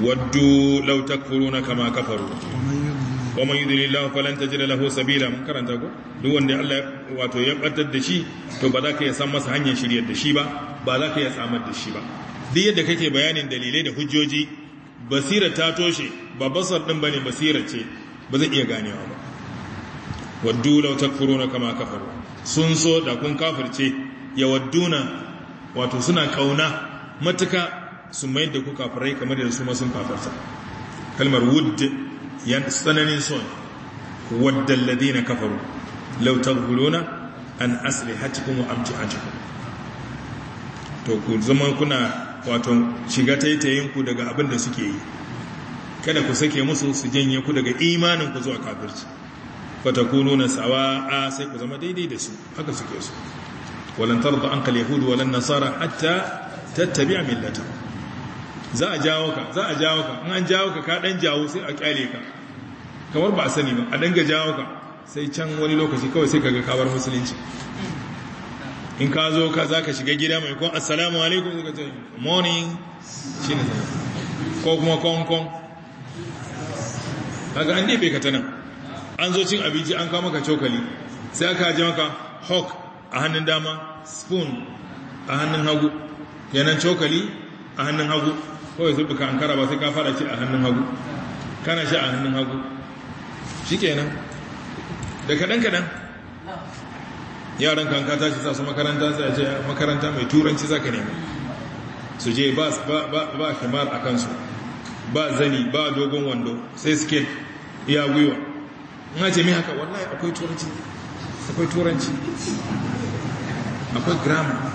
waddu law takfuruna kama kafaru wa man yudlilillahu falan tajid lahu sabila mun karanta ko duk wanda Allah wato ya batar da shi to ba za ka iya san masa hanyar shiryar da shi ba ba za ka iya samar da shi ba duk yadda kake bayanin dalilai da hujjoji basira ta toshe ba basar din bane basira ce ba zai iya ganewa ba waddu law takfuruna kama kafaru sun so da kun kafirce ya wadduna wato suna kauna matuka su mai da ku kafirai kamar da su ma sun kafirta kalmar wudd yan tsananin son wadda ladina kafaru law taghuluna an aslihatikum wa amtiatikum to ku zama kuna wato shiga taitayinku daga abin da suke yi kada ku sake musu su janye ku daga imanin ku zuwa kafirci fatakunu na sawa'a sai ku zama daidai da su haka suke su walan an kal yahudu walan nasara hatta a millata za a jawo ka za a jawo ka in an jawo ka ka dan jawo sai a kyale ka kamar ba a sani ba a danga jawo ka sai can wani lokaci kawai sai kaga kabar musulunci in ka zo ka za ka shiga gida mai kwan assalamu alaikum zuka ce morning shi ne ko kuma kwankwan daga an ɗebe ka ta nan an zo cin abinci an kama ka cokali sai aka ji maka hawk a hannun dama spoon a hannun hagu yanan cokali a hannun hagu kawai zubi ka an kara ba sai ka fara ce a hannun hagu kana shi a hannun hagu shi kenan da kaɗan-kaɗan yaran kanka ta tashi sa su makaranta sai ce makaranta mai turanci zaka nemi su je ba ba himar a kansu ba zani ba dogon wando sai skill ya gwiwa in ce mai haka wallahi akwai turanci akwai turanci akwai grammar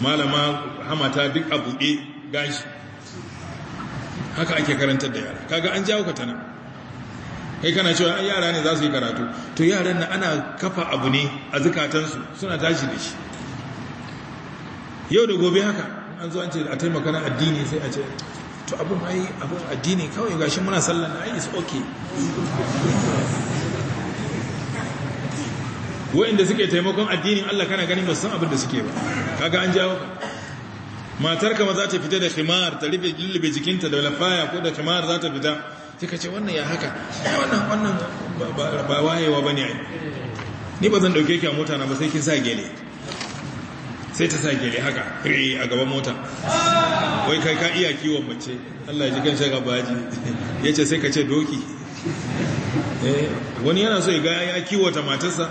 malama hamata duk abu buɗe gashi haka ake karantar da yara kaga an jawo ka tana kai kana cewa yara ne za su yi karatu to yaran na ana kafa abu ne a zukatansu suna tashi da shi yau da gobe haka an zo an ce a taimaka na addini sai a ce to abin ai abin addini kawai gashi muna sallah na ai is okay wa'inda suke taimakon addini Allah kana ganin ba san abin da suke ba kaga an jawo matar kama za ta fita da khimar ta rufe jikinta da lafaya ko da khimar za ta fita sai ka ce wannan ya haka ya wannan wannan ba wayewa a yi ni ba zan dauke ki a mota na ba sai kin sa gele sai ta sa gele haka eh a gaban mota wai kai ka iya kiwon mace Allah ya ji kan shaga baji ce sai ka ce doki eh, wani yana so ya ga ya ta matarsa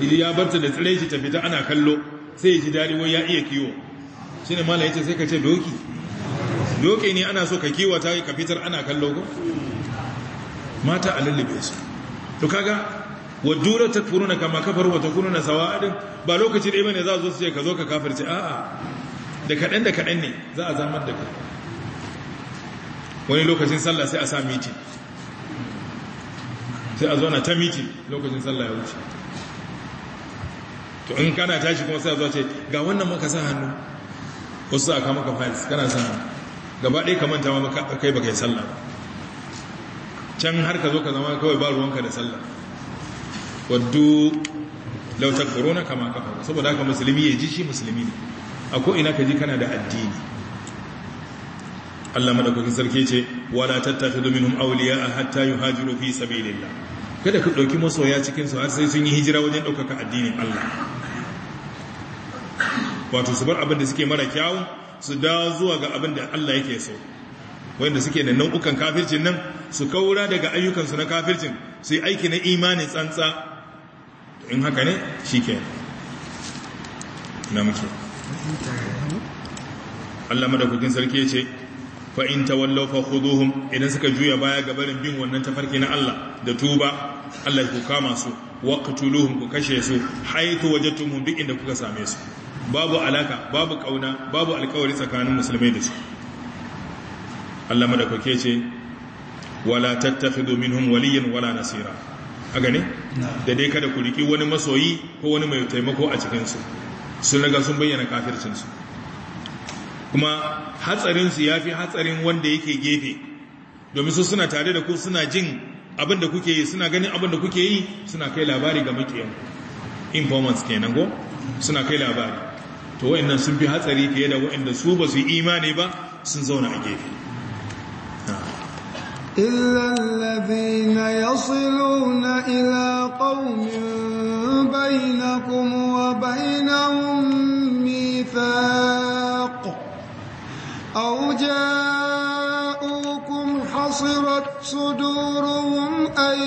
ili ya barta da tsire shi ta fita ana kallo sai ya ji dadi wai ya iya kiwo shine ya ce sai ka ce doki doke ne ana so ka kiwata ka fitar ana kallo ko mata a lullube su to kaga wadura ta furuna kama kafar wata sawa sawa'adin ba lokaci ɗaya ne za zo su ce ka zo ka kafirce a'a da kaɗan da kaɗan ne za a zamar da ka wani lokacin sallah sai a sa mitin sai a zauna ta mitin lokacin sallah ya wuce to in kana tashi kuma sai a zo ce ga wannan maka sa hannu wasu a kama ka files kana sa hannu gaba ɗaya ka manta ma kai ba kai sallah can har ka zo ka zama kawai ba ruwanka da sallah waddu lautar korona kama kafa. saboda haka musulmi ya ji shi musulmi ne a ko ina ka ji kana da addini Allah madaukakin sarki ce wala hun auliya a hatta yuhajiru fi sabilillah kada ɗauki ɗauki masoya cikin su har sai sun yi hijira wajen ɗaukaka addinin Allah wato su bar abin da suke mara kyawun su dawo zuwa ga abin da Allah yake so wanda suke da nau'ukan kafircin nan su kaura daga ayyukansu na kafircin su yi aiki na imani tsantsa in haka ne shi ke na muke Allah madaukakin sarki ya ce fa'in ta wallafa huduhun idan suka juya baya ga barin bin wannan tafarki na Allah da tuba Allah ku kama su waƙatuluhun ku kashe su haitu wajen tumun duk inda kuka same su babu alaka babu kauna babu alkawari tsakanin musulmai da su Allah madaukake ce wala tattakhidu minhum waliyyan wala nasira a ne da dai kada ku riki wani masoyi ko wani mai taimako a cikin su sun riga sun bayyana kafircin su kuma hatsarin su yafi hatsarin wanda yake gefe domin su suna tare da ku suna jin abin da kuke yi suna ganin abin da kuke yi suna kai labari ga makiyan informants kenan go suna kai labari to wa'annan sun fi hatsari fiye da wa'anda su ba su imani ba sun zauna a gefe إلا الذين يصلون إلى قوم بينكم وبينهم ميثاق أو جاءوكم حصرت صدورهم أن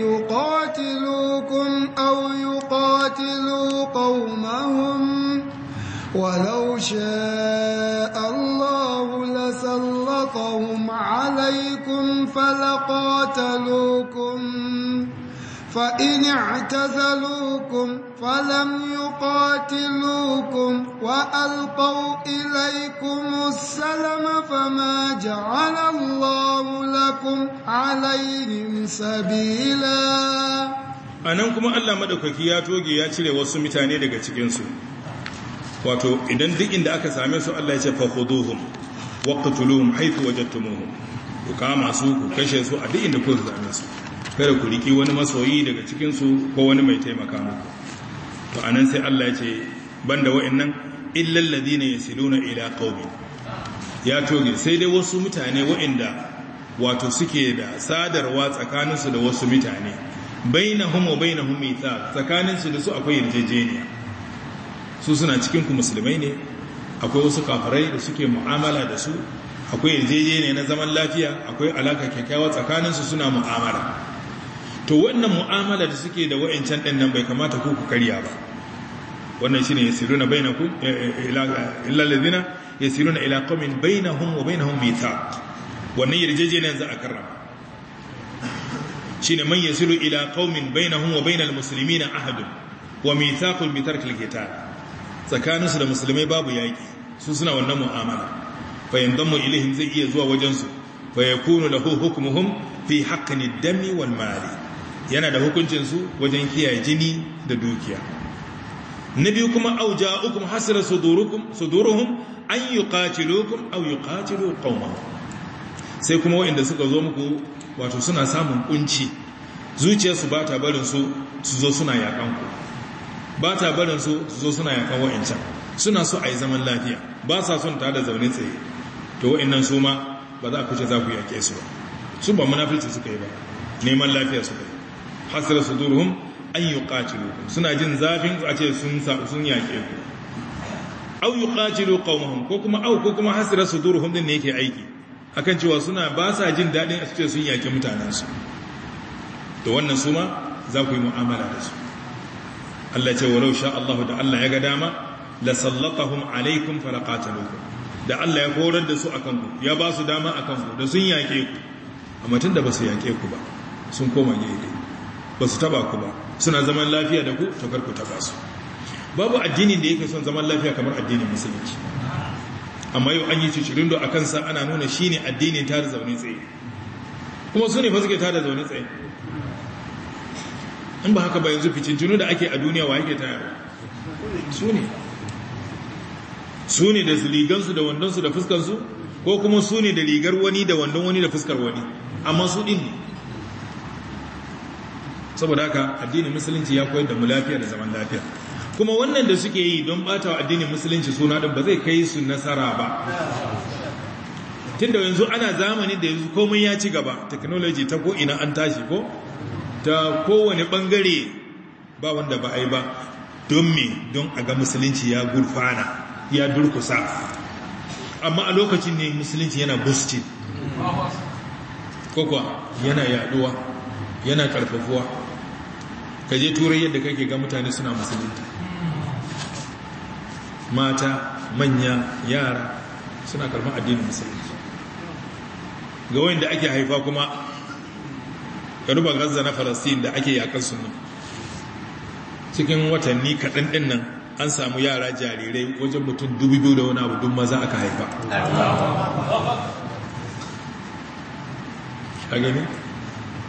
يقاتلوكم أو يقاتلوا قومهم ولو شاء الله لسلطهم عليكم فلقاتلوكم فإن اعتزلوكم فلم يقاتلوكم وألقوا إليكم السلم فما جعل الله لكم عليهم سبيلا anan kuma Allah maɗaukaki ya toge ya cire wasu mutane daga cikinsu wato idan duk inda aka same su Allah ya ce fa khuduhum waqtuluhum haythu wajadtumuhum ku kama su ku kashe su a duk inda kun same su kada ku riki wani masoyi daga cikin su ko wani mai taimaka muku to anan sai Allah ya ce banda wa'annan illal ladina yasiluna ila qaumi ya toge sai dai wasu mutane wa'anda wato suke da sadarwa tsakaninsu da wasu mutane bainahum wa bainahum mithaq tsakaninsu da su akwai yarjejeniya su suna cikinku musulmai ne akwai wasu kafirai da suke mu'amala da su akwai ne na zaman lafiya akwai alaka kyakkyawa tsakaninsu suna mu'amala to wannan mu'amala da suke da wa'ancan ɗin nan bai kamata ku ku karya ba wannan shine yasiruna bainakum eh, eh, eh, illa alladhina yasiruna ila qaumin bainahum wa bainahum mithaq wannan ne za a karrama shine man yasilu ila qaumin bainahum wa bainal muslimina ahadun wa mithaqul bitarkil kitab tsakaninsu da musulmai babu yaƙi su suna wannan mu'amala fayan mu ilihim zai iya zuwa wajensu faya kunu da hukumuhum fi haƙƙin dami wal mali yana da hukuncinsu wajen kiyaye jini da dukiya na biyu kuma auja hukum hasira suduruhum an yi kun au yi sai kuma waɗanda suka zo muku wato suna samun ƙunci zuciyarsu ba ta barin su su zo suna yaƙanku ba ta barin su zo suna yakan wa'ancan suna so a yi zaman lafiya ba sa son ta da zaune tsaye to wa'annan su ma ba za a kuce za ku yi yaƙe su ba su ba munafilci suka yi ba neman lafiya suka yi hasira su durhum an yi ƙacilu suna jin zafin a ce sun yaƙe ku au yi ƙacilu ƙaunahun ko kuma au ko kuma hasira su durhum din ne yake aiki akan cewa suna ba sa jin daɗin a su ce sun yaƙe mutanensu to wannan su ma za ku yi mu'amala da su Allah ce walau sha Allah da Allah ya ga dama la sallatahum alaikum falaqatalukum da Allah ya horar da su akan ku ya ba su dama akan ku da sun yake ku amma tunda ba su yake ku ba sun koma ne ba su taba ku ba suna zaman lafiya da ku to karku ku taba su babu addinin da yake son zaman lafiya kamar addinin musulunci amma yau an yi cicirin da a kansa ana nuna shi ne addinin tare zaune tsaye kuma su ne fa suke tare zaune tsaye in ba haka ba yanzu ficincinu da ake a duniya wa yake tayar su ne su ne da ligansu da wandonsu da fuskansu ko kuma su ne da rigar wani da wandon wani da fuskar wani amma su ɗin ne saboda haka addinin musulunci ya koyar da mu lafiya da zaman lafiya kuma wannan da suke yi don bata wa addinin musulunci suna ɗin ba zai kai su nasara ba tun da yanzu ana zamani da yanzu komai ya ci gaba technology ta ko ina an tashi ko Da kowane bangare ba wanda ba a yi ba don me don a ga musulunci ya gurfana ya durkusa amma a lokacin ne musulunci yana boosting kokwa yana yaduwa yana karfafuwa ka je turai yadda kake ga mutane suna musulunta mata manya yara suna karfan addinin musulunci ga wanda ake haifa kuma ka duba gaza na falastin da ake yakan sunan cikin watanni kaɗan ɗin nan an samu yara jarirai wajen mutum dubu biyu da wani abu dun maza aka haifa a gani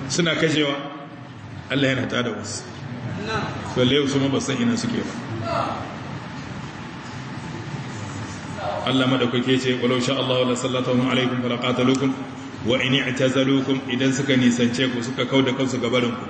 suna kashewa allah yana da wasu balle yau su ma basan ina suke ba allah madaukake ce walau sha allahu wa sallatu alaikum fa laqatalukum wa in i'tazalukum idan suka nisance ku suka kauda kansu gabarin ku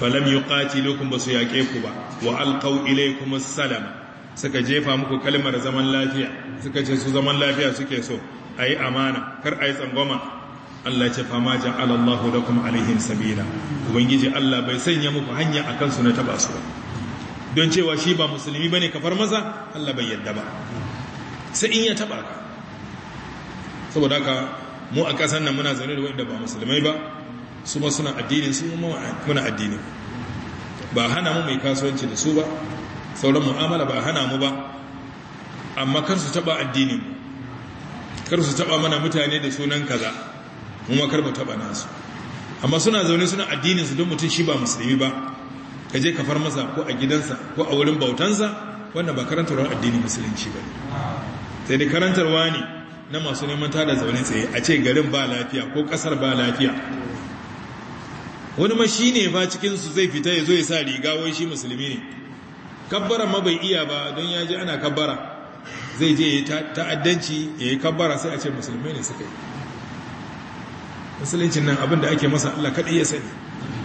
falam yuqatilukum basu yake ku ba wa alqaw ilaykum assalam suka jefa muku kalmar zaman lafiya suka ce su zaman lafiya suke so ayi amana kar ayi tsangwama Allah ce fama ja'ala Allahu lakum alaihim sabila ubangiji Allah bai sanya muku hanya akan su na taba su ba don cewa shi ba musulmi bane kafar maza Allah bai yadda ba sai in ya taba ka saboda haka mu a ƙasar nan muna zaune da wanda ba musulmai ba su ma suna addinin su muna addinin ba hana mu mai kasuwanci da su ba sauran mu'amala ba hana mu ba amma kar su taba addinin kar su taba mana mutane da sunan kaza mu ma kar mu taba nasu amma suna zaune suna addinin su don mutum shi ba musulmi ba ka je ka far masa ko a gidansa ko a wurin bautansa wannan ba karantarwar addinin musulunci ba sai dai karantarwa ne na masu neman tada zaune tsaye a ce garin ba lafiya ko kasar ba lafiya wani ma shi ne ba cikinsu zai fita ya zo ya sa riga wai shi musulmi ne kabbara ma bai iya ba don ya ji ana kabbara zai je ya ta'addanci ya yi kabbara sai a ce musulmi ne suka yi musuluncin nan abin da ake masa Allah kaɗai ya sani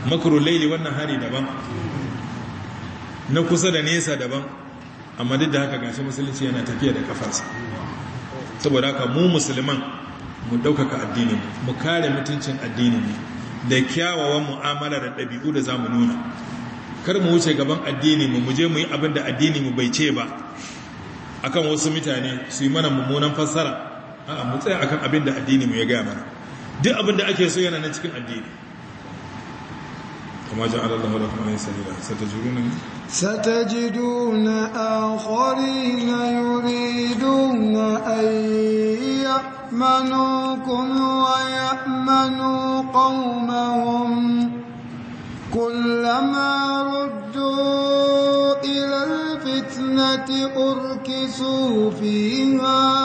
makaru laili wannan hari daban na kusa da nesa daban amma duk da haka gashi musulunci yana tafiya da kafarsa saboda ka mu musulman mu ɗaukaka addinin mu kare mutuncin addinin da kyawawan mu'amala da ɗabi'u da za mu nuna kar mu wuce gaban addini mu muje mu yi abin da addini mu bai ce ba akan wasu mutane su yi mana mummunan fassara a'a mu akan abin da addini mu ya gaya mana duk abin da ake so yana nan cikin addini وما جعل الله لكم عليه سبيلا ستجدون ستجدون آخرين يريدون أن يأمنوكم ويأمنوا قومهم كلما ردوا إلى الفتنة أركسوا فيها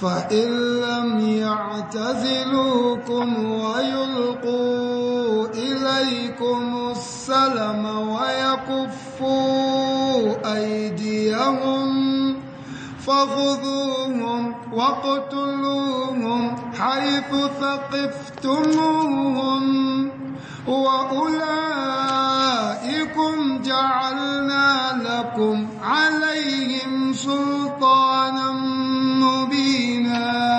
فإن لم يعتزلوكم ويلقوا إليكم السلم ويكفوا أيديهم فخذوهم واقتلوهم حيث ثقفتموهم وأولئكم جعلنا لكم عليهم سلطانا مبينا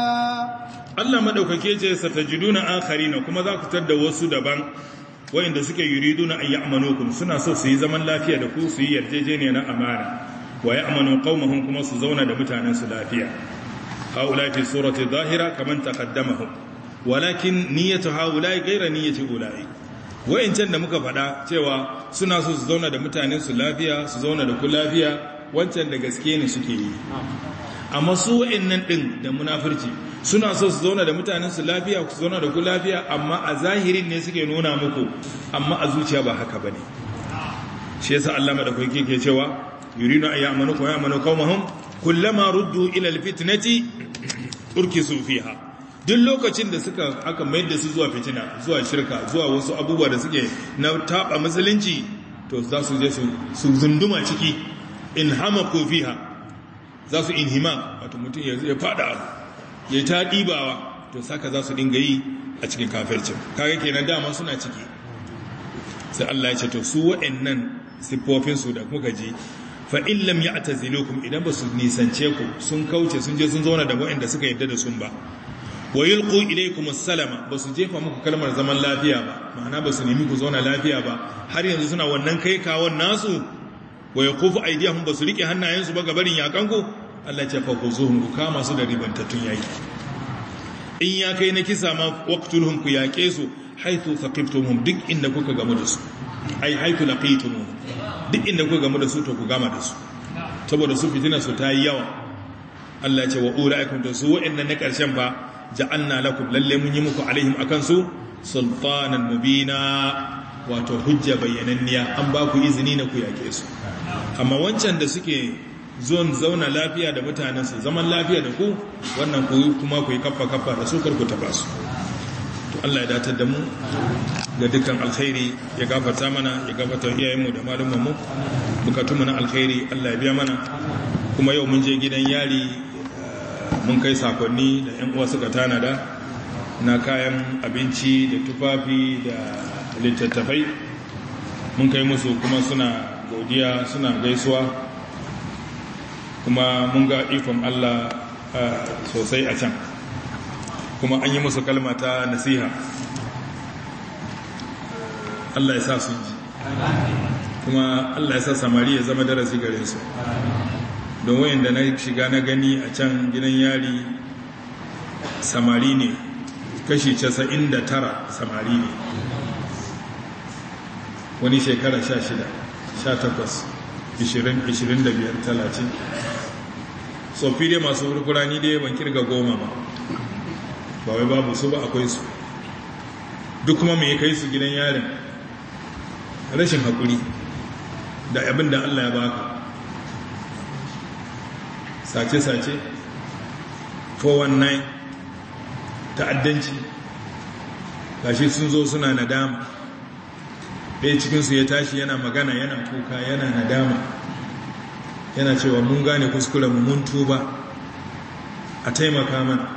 Allah maɗaukake ce satajiduna akharina kuma za ku da wasu daban wa'inda suke yuriduna an ya'manukum suna so su yi zaman lafiya da ku su yi yarjejeniya na amana wa ya'manu qaumahum kuma su zauna da mutanen su lafiya haulai fi surati zahira kaman taqaddamahum walakin niyyatu haulai ghayra niyyati ulai wa'incan da muka faɗa cewa suna so su zauna da mutanen su lafiya su zauna da ku lafiya wancan da gaske ne suke yi amma su wayannan din da munafurci. suna so su zauna da mutanen su lafiya ku zauna da ku lafiya amma a zahirin ne suke nuna muku amma a zuciya ba haka bane shi yasa Allah madaukaki ke cewa yurinu ayyamanu ko yamanu qaumahum kullama ruddu ila alfitnati urkisu fiha duk lokacin da suka aka mai da su zuwa fitina zuwa shirka zuwa wasu abubuwa da suke na taba musulunci to za su je su zunduma ciki in fiha za su inhima wato mutum ya fada ya ta ɗibawa to saka za su dinga yi a cikin kafircin kaga kenan dama suna ciki sai Allah ya ce to su siffofin su da kuka ji fa in lam ya'tazilukum idan ba su nisance ku sun kauce sun je sun zauna da wa'anda suka yadda da sun ba wa yulqu ilaykum assalama ba su jefa muku kalmar zaman lafiya ba ma'ana ba su nemi ku zauna lafiya ba har yanzu suna wannan kai kawon nasu wa yaqufu aydiyahum ba su rike hannayen su ba ga yakan ku Allah ce fa ku zuhun ku kama su da ribantattun yayi in ya kai na kisa ma waqtulhum ku yaƙe su haythu thaqiftumhum duk inda kuka gamu da su ai haythu laqitumuhum duk inda kuka gamu da su to ku gama da su saboda su fitina su ta yi yawa Allah ce wa ula'ikum da su wa'annan na ƙarshen ba ja'anna lakum lalle mun yi muku alaihim akan su sultanan mubina wato hujja bayyananniya an ba ku izini na ku yake su amma wancan da suke zon zauna lafiya da mutanensu zaman lafiya da ku wannan kuma ku yi kafa-kafa da sukar ku taba su to Allah ya datar da mu ga dukkan alkhairi ya gafarta mana ya gafarta iyayenmu da malumanmu bukatunmu na alkhairi Allah ya biya mana kuma yau mun je gidan yari eh, mun kai sakonni da yan uwa suka tanada na kayan abinci da tufafi da littattafai mun kai musu kuma suna godiya suna gaisuwa kuma mun ga ikon Allah sosai a can kuma an yi musu kalma ta nasiha Allah ya sa sun ji kuma Allah ya sa samari ya zama darasi gare su don wayan da na shiga na gani a can gidan yari samari ne kashi 99 samari ne wani shekara 16 18 25 30 so fide masu kurkura ni dai ban kirga goma ba ba wai babu su ba akwai su duk kuma mai kai su gidan yarin rashin haƙuri da abin da allah ya baka sace-sace 419 ta'addanci shi sun zo suna nadama ɗaya cikinsu ya tashi yana magana yana kuka yana nadama yana cewa mun gane kuskure mun tuba a taimaka mana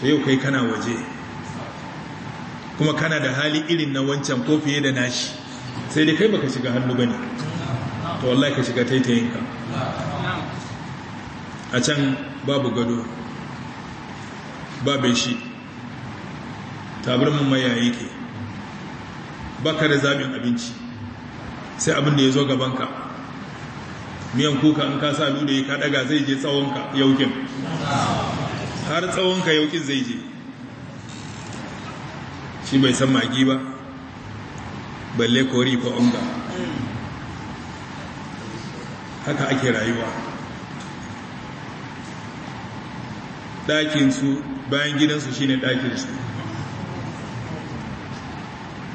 ta yau kai kana waje kuma kana da hali irin na wancan ko fiye da nashi sai dai kai baka shiga hannu bane to wallahi ka shiga taitayinka a can babu gado babu shi tabarmin mai yayi ke baka da zaɓin abinci sai abin da ya zo gabanka miyan kuka in ka sa lude ka daga zai je tsawonka yaukin har tsawonka yaukin zai je shi bai san magi ba balle kori ko onga haka ake rayuwa ɗakinsu bayan gidansu shine ɗakinsu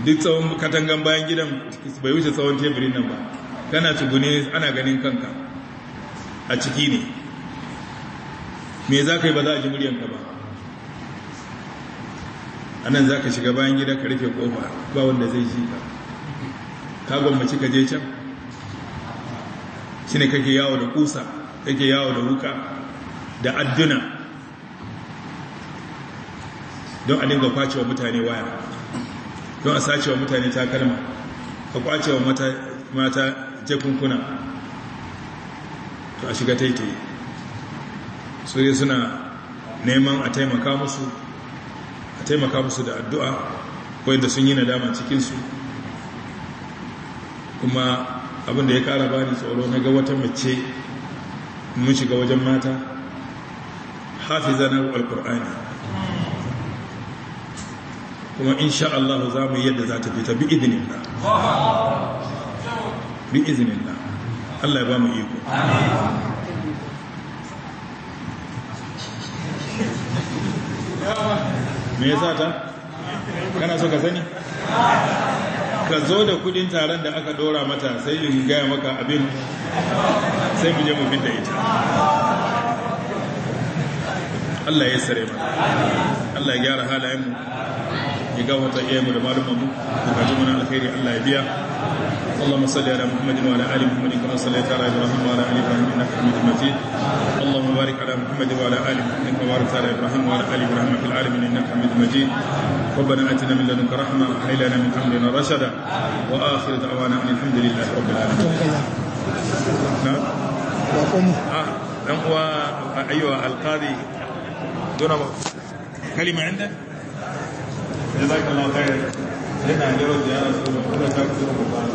duk tsawon katangan bayan gidan bai wuce tsawon teburin nan ba kana tsugune ana ganin kanka a ciki ne me za ka yi ba za a ji muryanka ba a za ka shiga bayan gida ka rufe kofa ba wanda zai ji ka ka gwammaci ka je can shi ne kake yawo da kusa kake yawo da wuka da adduna don a dinga kwacewa mutane waya don a sace wa mutane takalma a kwace wa mata jakunkuna to a shiga taitayi su yi suna neman a taimaka musu a taimaka musu da addu'a da sun yi nadama cikinsu kuma abinda ya kara bani tsoro na ga wata mace mun shiga wajen mata hafiza zanar alkur'ani kuma insha Allah za mu yadda za ta fita bi izinillah bi izinillah Allah ya ba mu iko me yasa ta kana so ka sani ka zo da kudin taron da aka dora mata sai in gaya maka abin sai mu je mu fidda ita Allah ya sare ba. Allah ya gyara halayen mu ya gawata iyayenmu da malumanmu bukatun mana alkhairi Allah ya biya اللهم صل على محمد وعلى ال محمد كما صليت على ابراهيم وعلى ال ابراهيم انك حميد مجيد اللهم بارك على محمد وعلى ال محمد كما باركت على ابراهيم وعلى ال ابراهيم في العالمين انك حميد مجيد ربنا اتنا من لدنك رحمه وهب لنا من امرنا رشدا واخر دعوانا ان الحمد لله رب العالمين نعم آه. هو ايوه القاضي دون كلمه عندك جزاك الله خير سيدنا علي رضي الله عنه كنا تكفر مبارك